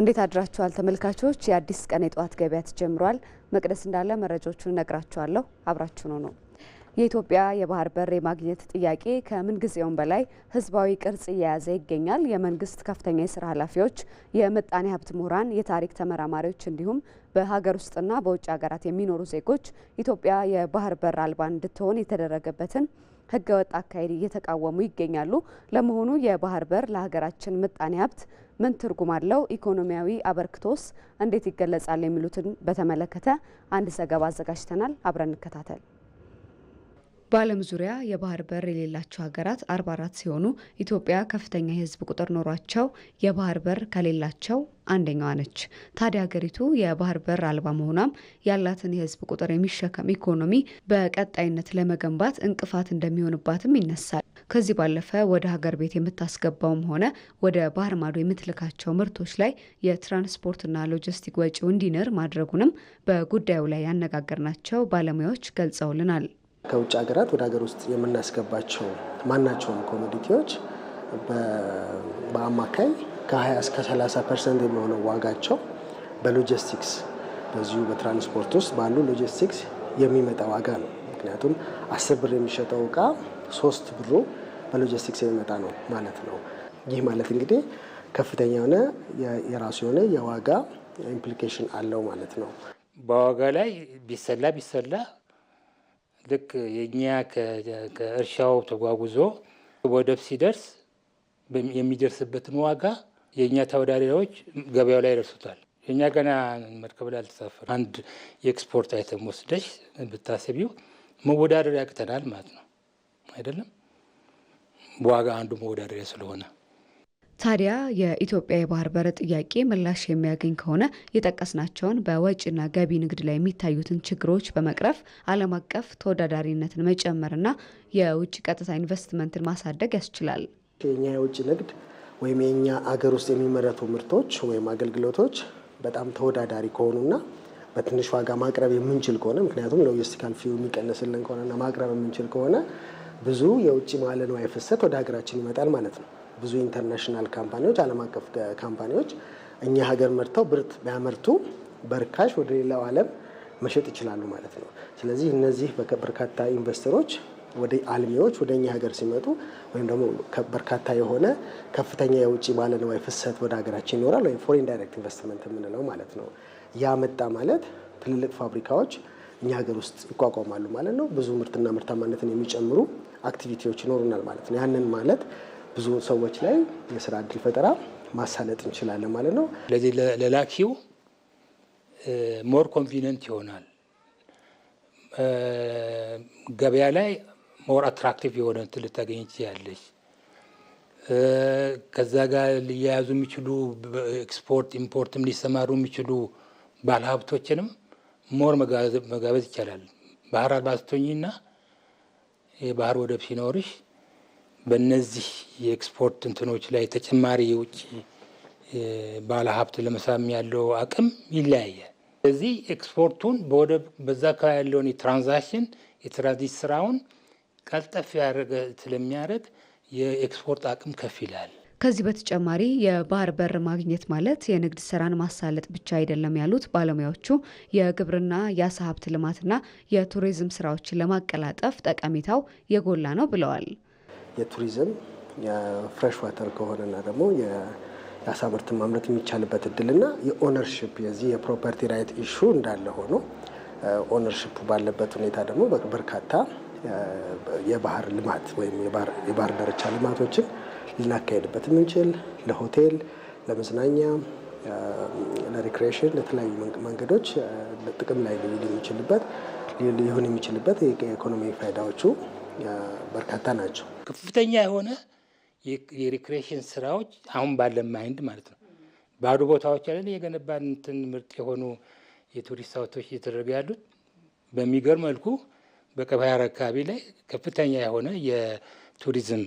እንዴት አድራችኋል ተመልካቾች? የአዲስ ቀን የጠዋት ገበያ ተጀምሯል። መቅደስ እንዳለ መረጃዎቹን እነግራችኋለሁ። ነው ነው የኢትዮጵያ የባህር በር የማግኘት ጥያቄ ከምንጊዜውም በላይ ህዝባዊ ቅርጽ እየያዘ ይገኛል። የመንግስት ከፍተኛ የስራ ኃላፊዎች፣ የምጣኔ ሀብት ምሁራን፣ የታሪክ ተመራማሪዎች እንዲሁም በሀገር ውስጥና በውጭ ሀገራት የሚኖሩ ዜጎች ኢትዮጵያ የባህር በር አልባ እንድትሆን የተደረገበትን ህገወጥ አካሄድ እየተቃወሙ ይገኛሉ። ለመሆኑ የባህር በር ለሀገራችን ምጣኔ ሀብት ምን ትርጉም አለው? ኢኮኖሚያዊ አበርክቶስ እንዴት ይገለጻል? የሚሉትን በተመለከተ አንድ ዘገባ አዘጋጅተናል። አብረን እንከታተል። በዓለም ዙሪያ የባህር በር የሌላቸው ሀገራት 44 ሲሆኑ ኢትዮጵያ ከፍተኛ የሕዝብ ቁጥር ኖሯቸው የባህር በር ከሌላቸው አንደኛዋ ነች። ታዲያ ሀገሪቱ የባህር በር አልባ መሆኗም ያላትን የሕዝብ ቁጥር የሚሸከም ኢኮኖሚ በቀጣይነት ለመገንባት እንቅፋት እንደሚሆንባትም ይነሳል። ከዚህ ባለፈ ወደ ሀገር ቤት የምታስገባውም ሆነ ወደ ባህር ማዶ የምትልካቸው ምርቶች ላይ የትራንስፖርትና ሎጂስቲክ ወጪው እንዲንር ማድረጉንም በጉዳዩ ላይ ያነጋገርናቸው ባለሙያዎች ገልጸውልናል። ከውጭ ሀገራት ወደ ሀገር ውስጥ የምናስገባቸው ማናቸውም ኮሞዲቲዎች በአማካይ ከ20 እስከ 30 ፐርሰንት የሚሆነው ዋጋቸው በሎጂስቲክስ በዚሁ በትራንስፖርት ውስጥ ባሉ ሎጂስቲክስ የሚመጣ ዋጋ ነው። ምክንያቱም አስር ብር የሚሸጠው እቃ ሶስት ብሩ በሎጂስቲክስ የሚመጣ ነው ማለት ነው። ይህ ማለት እንግዲህ ከፍተኛ የሆነ የራሱ የሆነ የዋጋ ኢምፕሊኬሽን አለው ማለት ነው። በዋጋ ላይ ቢሰላ ቢሰላ ልክ የኛ ከእርሻው ተጓጉዞ ወደብ ሲደርስ የሚደርስበትን ዋጋ የእኛ ተወዳዳሪዎች ገበያው ላይ ደርሱታል። የእኛ ገና መርከብ ላይ አልተሳፈር አንድ የኤክስፖርት አይተም ወስደሽ ብታሰቢው መወዳደር ያቅተናል ማለት ነው አይደለም። ዋጋ አንዱ መወዳደሪያ ስለሆነ ታዲያ የኢትዮጵያ የባህር በር ጥያቄ ምላሽ የሚያገኝ ከሆነ የጠቀስናቸውን በወጪና ገቢ ንግድ ላይ የሚታዩትን ችግሮች በመቅረፍ ዓለም አቀፍ ተወዳዳሪነትን መጨመርና የውጭ ቀጥታ ኢንቨስትመንትን ማሳደግ ያስችላል። የኛ የውጭ ንግድ ወይም የኛ አገር ውስጥ የሚመረቱ ምርቶች ወይም አገልግሎቶች በጣም ተወዳዳሪ ከሆኑና በትንሽ ዋጋ ማቅረብ የምንችል ከሆነ ምክንያቱም ሎጂስቲካል ፊው የሚቀንስልን ከሆነና ማቅረብ የምንችል ከሆነ ብዙ የውጭ መዋለ ንዋይ ፍሰት ወደ ሀገራችን ይመጣል ማለት ነው። ብዙ ኢንተርናሽናል ካምፓኒዎች፣ ዓለም አቀፍ ካምፓኒዎች እኛ ሀገር መርተው ብርት ቢያመርቱ በርካሽ ወደ ሌላው ዓለም መሸጥ ይችላሉ ማለት ነው። ስለዚህ እነዚህ በርካታ ኢንቨስተሮች ወደ አልሚዎች ወደ እኛ ሀገር ሲመጡ ወይም ደግሞ በርካታ የሆነ ከፍተኛ የውጭ ባለ ንዋይ ፍሰት ወደ ሀገራችን ይኖራል ወይም ፎሬን ዳይሬክት ኢንቨስትመንት የምንለው ማለት ነው። ያ መጣ ማለት ትልልቅ ፋብሪካዎች እኛ ሀገር ውስጥ ይቋቋማሉ ማለት ነው። ብዙ ምርትና ምርታማነትን የሚጨምሩ አክቲቪቲዎች ይኖሩናል ማለት ነው። ያንን ማለት ብዙ ሰዎች ላይ የስራ እድል ፈጠራ ማሳለጥ እንችላለን ማለት ነው። ስለዚህ ለላኪው ሞር ኮንቪኒንት ይሆናል። ገበያ ላይ ሞር አትራክቲቭ የሆነ እንትን ልታገኝ ትችላለች። ከዛ ጋር ሊያያዙ የሚችሉ ኤክስፖርት ኢምፖርትም ሊሰማሩ የሚችሉ ባለሀብቶችንም ሞር መጋበዝ ይቻላል። ባህር አልባ የባህር ወደብ ሲኖርሽ በእነዚህ የኤክስፖርት እንትኖች ላይ ተጨማሪ የውጭ ባለ ሀብት ለመሳም ያለው አቅም ይለያያል። ስለዚህ ኤክስፖርቱን በወደብ በዛ አካባቢ ያለውን የትራንዛክሽን የትራንዚት ስራውን ቀልጠፍ ያደረገ ስለሚያደርግ የኤክስፖርት አቅም ከፍ ይላል። ከዚህ በተጨማሪ የባህር በር ማግኘት ማለት የንግድ ስራን ማሳለጥ ብቻ አይደለም ያሉት ባለሙያዎቹ የግብርና የአሳ ሀብት ልማትና የቱሪዝም ስራዎችን ለማቀላጠፍ ጠቀሜታው የጎላ ነው ብለዋል። የቱሪዝም የፍሬሽ ዋተር ከሆነና ደግሞ የአሳ ምርት ማምረት የሚቻልበት እድልና የኦነርሽፕ የዚህ የፕሮፐርቲ ራይት ኢሹ እንዳለ ሆኖ ኦነርሽፕ ባለበት ሁኔታ ደግሞ በርካታ የባህር ልማት ወይም የባህር ዳርቻ ልማቶችን ልናካሄድበት የምንችል ለሆቴል፣ ለመዝናኛ፣ ለሪክሬሽን፣ ለተለያዩ መንገዶች ጥቅም ላይ ሊውል የሚችልበት ሊሆን የሚችልበት የኢኮኖሚ ፋይዳዎቹ በርካታ ናቸው። ከፍተኛ የሆነ የሪክሬሽን ስራዎች አሁን ባለ ማይንድ ማለት ነው። ባዶ ቦታዎች ያለን የገነባን እንትን ምርጥ የሆኑ የቱሪስት ሀብቶች እየተደረገ ያሉት በሚገርም መልኩ በቀባህር አካባቢ ላይ ከፍተኛ የሆነ የቱሪዝም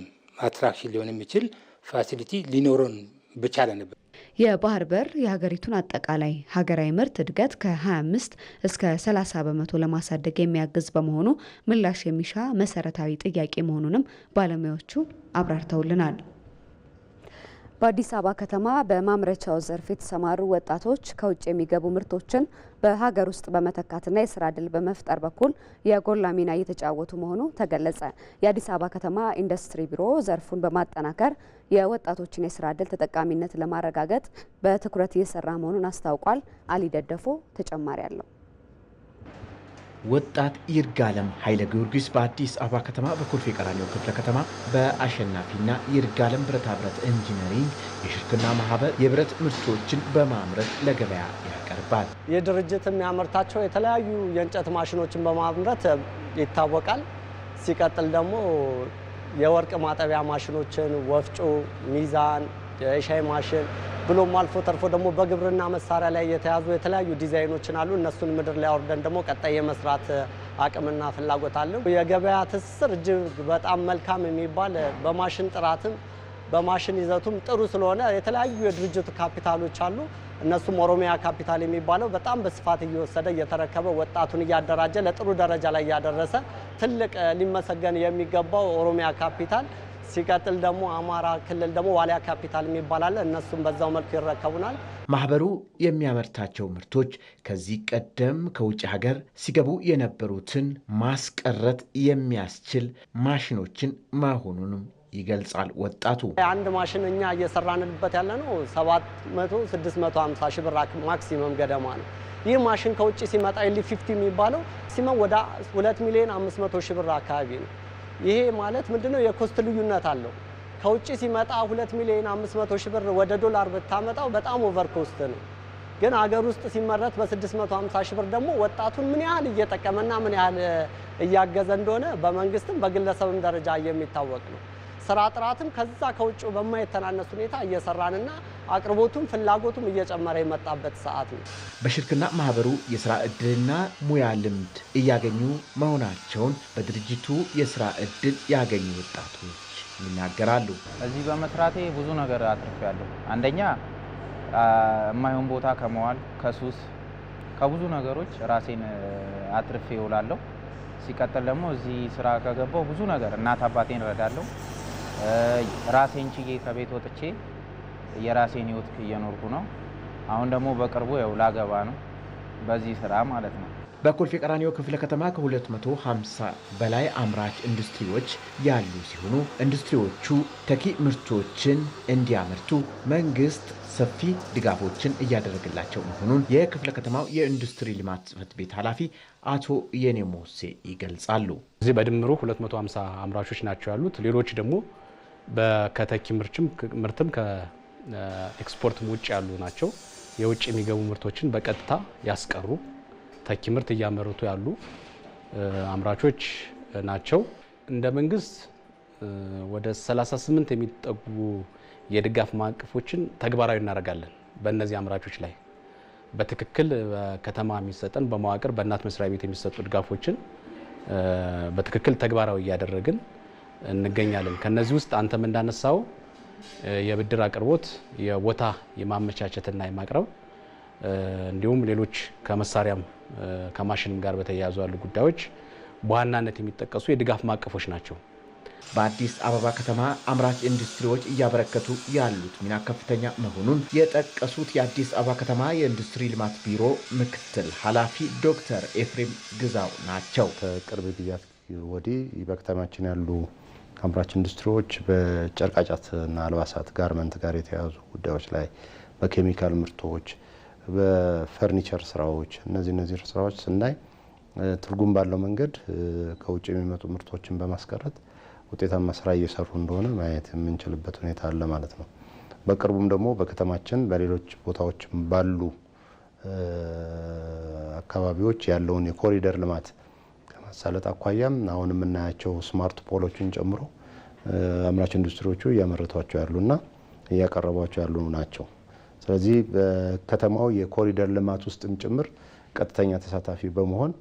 አትራክሽን ሊሆን የሚችል ፋሲሊቲ ሊኖረን ብቻለ ነበር። የባህር በር የሀገሪቱን አጠቃላይ ሀገራዊ ምርት እድገት ከ25 እስከ 30 በመቶ ለማሳደግ የሚያግዝ በመሆኑ ምላሽ የሚሻ መሰረታዊ ጥያቄ መሆኑንም ባለሙያዎቹ አብራርተውልናል። በአዲስ አበባ ከተማ በማምረቻው ዘርፍ የተሰማሩ ወጣቶች ከውጭ የሚገቡ ምርቶችን በሀገር ውስጥ በመተካትና የስራ ድል በመፍጠር በኩል የጎላ ሚና እየተጫወቱ መሆኑ ተገለጸ። የአዲስ አበባ ከተማ ኢንዱስትሪ ቢሮ ዘርፉን በማጠናከር የወጣቶችን የስራ ድል ተጠቃሚነት ለማረጋገጥ በትኩረት እየሰራ መሆኑን አስታውቋል። አሊ ደደፎ ተጨማሪ አለው። ወጣት ይርጋለም ኃይለ ጊዮርጊስ በአዲስ አበባ ከተማ በኮልፌ ቀራኒዮ ክፍለ ከተማ በአሸናፊና ይርጋለም ብረታ ብረት ኢንጂነሪንግ የሽርክና ማህበር የብረት ምርቶችን በማምረት ለገበያ ያቀርባል። ይህ ድርጅት የሚያመርታቸው የተለያዩ የእንጨት ማሽኖችን በማምረት ይታወቃል። ሲቀጥል ደግሞ የወርቅ ማጠቢያ ማሽኖችን፣ ወፍጮ፣ ሚዛን የሻይ ማሽን ብሎም አልፎ ተርፎ ደግሞ በግብርና መሳሪያ ላይ የተያዙ የተለያዩ ዲዛይኖችን አሉ። እነሱን ምድር ላይ አውርደን ደግሞ ቀጣይ የመስራት አቅምና ፍላጎት አለ። የገበያ ትስስር እጅግ በጣም መልካም የሚባል በማሽን ጥራትም በማሽን ይዘቱም ጥሩ ስለሆነ የተለያዩ የድርጅቱ ካፒታሎች አሉ። እነሱም ኦሮሚያ ካፒታል የሚባለው በጣም በስፋት እየወሰደ እየተረከበ ወጣቱን እያደራጀ ለጥሩ ደረጃ ላይ እያደረሰ ትልቅ ሊመሰገን የሚገባው ኦሮሚያ ካፒታል ሲቀጥል ደግሞ አማራ ክልል ደግሞ ዋሊያ ካፒታል የሚባል አለ። እነሱም በዛው መልኩ ይረከቡናል። ማህበሩ የሚያመርታቸው ምርቶች ከዚህ ቀደም ከውጭ ሀገር ሲገቡ የነበሩትን ማስቀረት የሚያስችል ማሽኖችን መሆኑንም ይገልጻል። ወጣቱ አንድ ማሽን እኛ እየሰራንበት ያለ ነው 700 650 ሺህ ብር ማክሲመም ገደማ ነው። ይህ ማሽን ከውጭ ሲመጣ ኤሊ 50 የሚባለው ሲመ ወደ 2 ሚሊዮን 500 ሺህ ብር አካባቢ ነው። ይሄ ማለት ምንድነው? የኮስት ልዩነት አለው። ከውጭ ሲመጣ 2 ሚሊዮን 500 ሺህ ብር ወደ ዶላር ብታመጣው በጣም ኦቨር ኮስት ነው። ግን አገር ውስጥ ሲመረት በ650 ሺህ ብር ደግሞ ወጣቱን ምን ያህል እየጠቀመና ምን ያህል እያገዘ እንደሆነ በመንግስትም በግለሰብም ደረጃ የሚታወቅ ነው። ስራ ጥራትም ከዛ ከውጭ በማይተናነስ ሁኔታ እየሰራንና አቅርቦቱም ፍላጎቱም እየጨመረ የመጣበት ሰዓት ነው። በሽርክና ማህበሩ የስራ እድልና ሙያ ልምድ እያገኙ መሆናቸውን በድርጅቱ የስራ እድል ያገኙ ወጣቶች ይናገራሉ። እዚህ በመስራቴ ብዙ ነገር አትርፌያለሁ። አንደኛ የማይሆን ቦታ ከመዋል ከሱስ፣ ከብዙ ነገሮች ራሴን አትርፌ እውላለሁ። ሲቀጥል ደግሞ እዚህ ስራ ከገባው ብዙ ነገር እናት አባቴን እረዳለሁ። ራሴን ችዬ ከቤት ወጥቼ የራሴን ህይወት እየኖርኩ ነው። አሁን ደግሞ በቅርቡ ያው ላገባ ነው በዚህ ስራ ማለት ነው። በኮልፌ ቀራኒዮ ክፍለ ከተማ ከ250 በላይ አምራች ኢንዱስትሪዎች ያሉ ሲሆኑ ኢንዱስትሪዎቹ ተኪ ምርቶችን እንዲያመርቱ መንግስት ሰፊ ድጋፎችን እያደረገላቸው መሆኑን የክፍለ ከተማው የኢንዱስትሪ ልማት ጽፈት ቤት ኃላፊ አቶ የኔሞሴ ይገልጻሉ። እዚህ በድምሩ 250 አምራቾች ናቸው ያሉት። ሌሎች ደግሞ ከተኪ ምርትም ኤክስፖርት ውጭ ያሉ ናቸው። የውጭ የሚገቡ ምርቶችን በቀጥታ ያስቀሩ ተኪ ምርት እያመረቱ ያሉ አምራቾች ናቸው። እንደ መንግስት ወደ 38 የሚጠጉ የድጋፍ ማዕቀፎችን ተግባራዊ እናደርጋለን። በእነዚህ አምራቾች ላይ በትክክል በከተማ የሚሰጠን በመዋቅር በእናት መስሪያ ቤት የሚሰጡ ድጋፎችን በትክክል ተግባራዊ እያደረግን እንገኛለን። ከነዚህ ውስጥ አንተም እንዳነሳው የብድር አቅርቦት፣ የቦታ የማመቻቸትና የማቅረብ እንዲሁም ሌሎች ከመሳሪያም ከማሽንም ጋር በተያያዙ ያሉ ጉዳዮች በዋናነት የሚጠቀሱ የድጋፍ ማቀፎች ናቸው። በአዲስ አበባ ከተማ አምራች ኢንዱስትሪዎች እያበረከቱ ያሉት ሚና ከፍተኛ መሆኑን የጠቀሱት የአዲስ አበባ ከተማ የኢንዱስትሪ ልማት ቢሮ ምክትል ኃላፊ ዶክተር ኤፍሬም ግዛው ናቸው። ከቅርብ ጊዜያት ወዲህ በከተማችን ያሉ ከአምራች ኢንዱስትሪዎች በጨርቃጫትና አልባሳት ጋርመንት ጋር የተያዙ ጉዳዮች ላይ በኬሚካል ምርቶች፣ በፈርኒቸር ስራዎች እነዚህ እነዚህ ስራዎች ስናይ ትርጉም ባለው መንገድ ከውጭ የሚመጡ ምርቶችን በማስቀረት ውጤታማ ስራ እየሰሩ እንደሆነ ማየት የምንችልበት ሁኔታ አለ ማለት ነው። በቅርቡም ደግሞ በከተማችን በሌሎች ቦታዎች ባሉ አካባቢዎች ያለውን የኮሪደር ልማት ከማሳለጥ አኳያም አሁን የምናያቸው ስማርት ፖሎችን ጨምሮ አምራች ኢንዱስትሪዎቹ እያመረቷቸው ያሉና እያቀረቧቸው ያሉ ናቸው። ስለዚህ በከተማው የኮሪደር ልማት ውስጥም ጭምር ቀጥተኛ ተሳታፊ በመሆን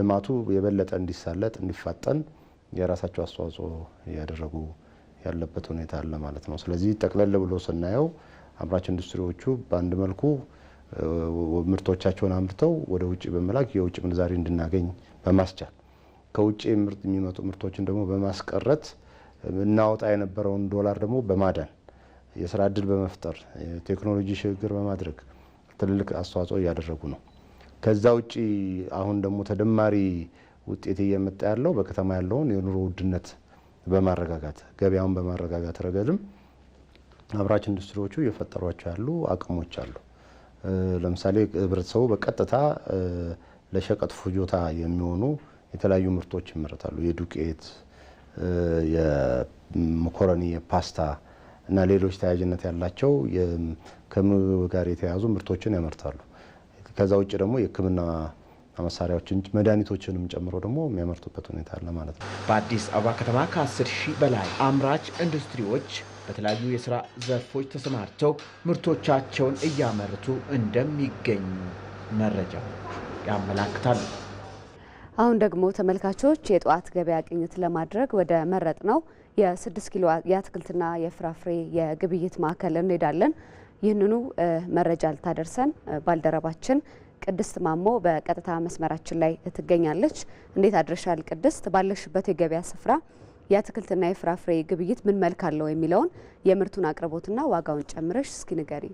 ልማቱ የበለጠ እንዲሳለጥ እንዲፋጠን የራሳቸው አስተዋጽኦ እያደረጉ ያለበት ሁኔታ አለ ማለት ነው። ስለዚህ ጠቅለል ብሎ ስናየው አምራች ኢንዱስትሪዎቹ በአንድ መልኩ ምርቶቻቸውን አምርተው ወደ ውጭ በመላክ የውጭ ምንዛሪ እንድናገኝ በማስቻል ከውጭ የሚመጡ ምርቶችን ደግሞ በማስቀረት እናወጣ የነበረውን ዶላር ደግሞ በማዳን የስራ እድል በመፍጠር ቴክኖሎጂ ሽግግር በማድረግ ትልልቅ አስተዋጽኦ እያደረጉ ነው። ከዛ ውጭ አሁን ደግሞ ተደማሪ ውጤት እየመጣ ያለው በከተማ ያለውን የኑሮ ውድነት በማረጋጋት ገበያውን በማረጋጋት ረገድም አምራች ኢንዱስትሪዎቹ እየፈጠሯቸው ያሉ አቅሞች አሉ። ለምሳሌ ህብረተሰቡ በቀጥታ ለሸቀጥ ፍጆታ የሚሆኑ የተለያዩ ምርቶች ይመረታሉ። የዱቄት፣ የመኮረኒ፣ የፓስታ እና ሌሎች ተያያዥነት ያላቸው ከምግብ ጋር የተያያዙ ምርቶችን ያመርታሉ። ከዛ ውጭ ደግሞ የህክምና መሳሪያዎችን መድኃኒቶችንም ጨምሮ ደግሞ የሚያመርቱበት ሁኔታ አለ ማለት ነው። በአዲስ አበባ ከተማ ከ10 ሺህ በላይ አምራች ኢንዱስትሪዎች በተለያዩ የስራ ዘርፎች ተሰማርተው ምርቶቻቸውን እያመርቱ እንደሚገኙ መረጃው ያመላክታሉ። አሁን ደግሞ ተመልካቾች የጠዋት ገበያ ቅኝት ለማድረግ ወደ መረጥ ነው የስድስት ኪሎ የአትክልትና የፍራፍሬ የግብይት ማዕከል እንሄዳለን። ይህንኑ መረጃ ልታደርሰን ባልደረባችን ቅድስት ማሞ በቀጥታ መስመራችን ላይ ትገኛለች። እንዴት አድረሻል ቅድስት? ባለሽበት የገበያ ስፍራ የአትክልትና የፍራፍሬ ግብይት ምን መልክ አለው የሚለውን የምርቱን አቅርቦትና ዋጋውን ጨምረሽ እስኪ ንገሪ።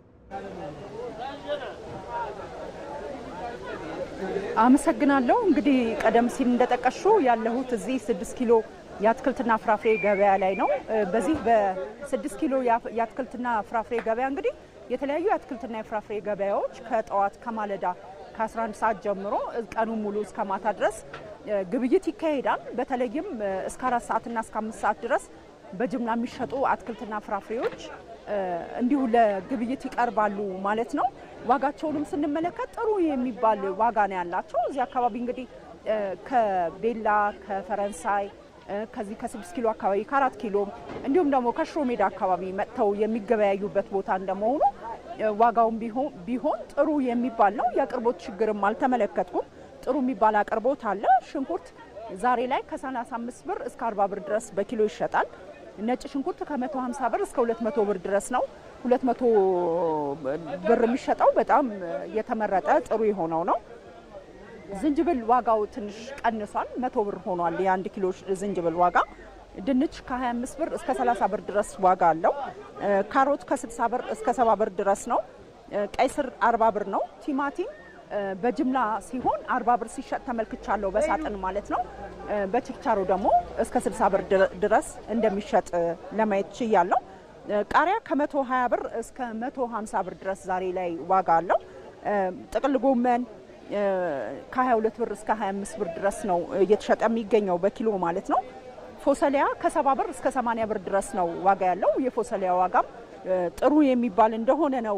አመሰግናለሁ። እንግዲህ ቀደም ሲል እንደጠቀሹ ያለሁት እዚህ ስድስት ኪሎ የአትክልትና ፍራፍሬ ገበያ ላይ ነው። በዚህ በስድስት ኪሎ የአትክልትና ፍራፍሬ ገበያ እንግዲህ የተለያዩ የአትክልትና የፍራፍሬ ገበያዎች ከጠዋት ከማለዳ ከ11 ሰዓት ጀምሮ ቀኑ ሙሉ እስከ ማታ ድረስ ግብይት ይካሄዳል። በተለይም እስከ አራት ሰዓትና እስከ አምስት ሰዓት ድረስ በጅምላ የሚሸጡ አትክልትና ፍራፍሬዎች እንዲሁ ለግብይት ይቀርባሉ ማለት ነው። ዋጋቸውንም ስንመለከት ጥሩ የሚባል ዋጋ ነው ያላቸው። እዚህ አካባቢ እንግዲህ ከቤላ ከፈረንሳይ ከዚህ ከስድስት ኪሎ አካባቢ ከአራት ኪሎ እንዲሁም ደግሞ ከሽሮ ሜዳ አካባቢ መጥተው የሚገበያዩበት ቦታ እንደመሆኑ ዋጋውም ቢሆን ጥሩ የሚባል ነው። የአቅርቦት ችግርም አልተመለከትኩም። ጥሩ የሚባል አቅርቦት አለ። ሽንኩርት ዛሬ ላይ ከ35 ብር እስከ 40 ብር ድረስ በኪሎ ይሸጣል። ነጭ ሽንኩርት ከ150 ብር እስከ 200 ብር ድረስ ነው። 200 ብር የሚሸጠው በጣም የተመረጠ ጥሩ የሆነው ነው። ዝንጅብል ዋጋው ትንሽ ቀንሷል። 100 ብር ሆኗል የአንድ ኪሎ ዝንጅብል ዋጋ። ድንች ከ25 ብር እስከ 30 ብር ድረስ ዋጋ አለው። ካሮት ከ60 ብር እስከ 70 ብር ድረስ ነው። ቀይ ስር 40 ብር ነው። ቲማቲም በጅምላ ሲሆን አርባ ብር ሲሸጥ ተመልክቻለሁ፣ በሳጥን ማለት ነው። በችርቻሮ ደግሞ እስከ ስልሳ ብር ድረስ እንደሚሸጥ ለማየት ችያለሁ። ቃሪያ ከመቶ ሀያ ብር እስከ መቶ ሀምሳ ብር ድረስ ዛሬ ላይ ዋጋ አለው። ጥቅል ጎመን ከ22 ብር እስከ 25 ብር ድረስ ነው እየተሸጠ የሚገኘው በኪሎ ማለት ነው። ፎሰሊያ ከ70 ብር እስከ 80 ብር ድረስ ነው ዋጋ ያለው። የፎሰሊያ ዋጋም ጥሩ የሚባል እንደሆነ ነው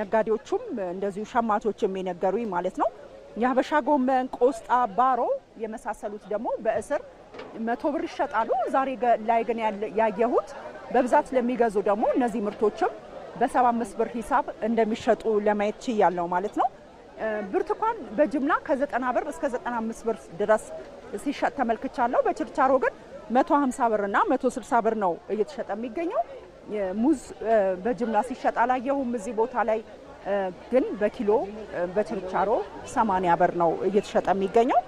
ነጋዴዎቹም እንደዚሁ ሸማቾችም የነገሩኝ ማለት ነው። የሀበሻ ጎመን፣ ቆስጣ፣ ባሮ የመሳሰሉት ደግሞ በእስር መቶ ብር ይሸጣሉ። ዛሬ ላይ ግን ያየሁት በብዛት ለሚገዙ ደግሞ እነዚህ ምርቶችም በሰባ አምስት ብር ሂሳብ እንደሚሸጡ ለማየት ችያለው ማለት ነው። ብርቱካን በጅምላ ከዘጠና ብር እስከ ዘጠና አምስት ብር ድረስ ሲሸጥ ተመልክቻለሁ። በችርቻሮ ግን መቶ ሀምሳ ብር መቶ ስልሳ ብር ነው እየተሸጠ የሚገኘው። ሙዝ በጅምላ ሲሸጥ አላየሁም እዚህ ቦታ ላይ ግን በኪሎ በችርቻሮ 80 ብር ነው እየተሸጠ የሚገኘው።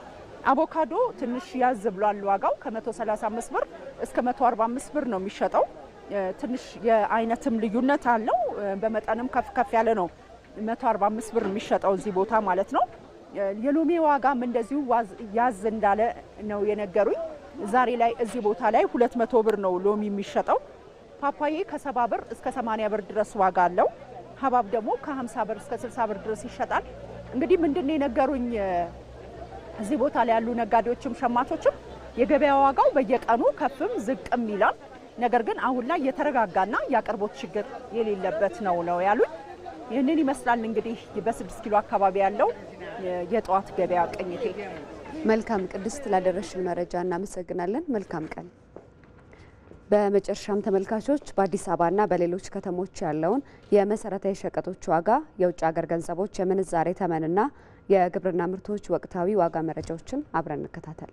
አቮካዶ ትንሽ ያዝ ብሏል ዋጋው ከ135 ብር እስከ 145 ብር ነው የሚሸጠው። ትንሽ የአይነትም ልዩነት አለው። በመጠንም ከፍ ከፍ ያለ ነው 145 ብር የሚሸጠው እዚህ ቦታ ማለት ነው። የሎሚ ዋጋም እንደዚሁ ያዝ እንዳለ ነው የነገሩኝ። ዛሬ ላይ እዚህ ቦታ ላይ 200 ብር ነው ሎሚ የሚሸጠው። ፓፓዬ ከሰባ ብር እስከ ሰማንያ ብር ድረስ ዋጋ አለው። ሀባብ ደግሞ ከሀምሳ ብር እስከ ስልሳ ብር ድረስ ይሸጣል። እንግዲህ ምንድን ነው የነገሩኝ እዚህ ቦታ ላይ ያሉ ነጋዴዎችም ሸማቾችም የገበያ ዋጋው በየቀኑ ከፍም ዝቅም ይላል። ነገር ግን አሁን ላይ የተረጋጋና የአቅርቦት ችግር የሌለበት ነው ነው ያሉኝ። ይህንን ይመስላል እንግዲህ በስድስት ኪሎ አካባቢ ያለው የጠዋት ገበያ ቅኝቴ። መልካም ቅድስት፣ ላደረሽን መረጃ እናመሰግናለን። መልካም ቀን በመጨረሻም ተመልካቾች በአዲስ አበባና በሌሎች ከተሞች ያለውን የመሰረታዊ ሸቀጦች ዋጋ፣ የውጭ ሀገር ገንዘቦች የምንዛሬ ተመንና የግብርና ምርቶች ወቅታዊ ዋጋ መረጃዎችን አብረን እንከታተል።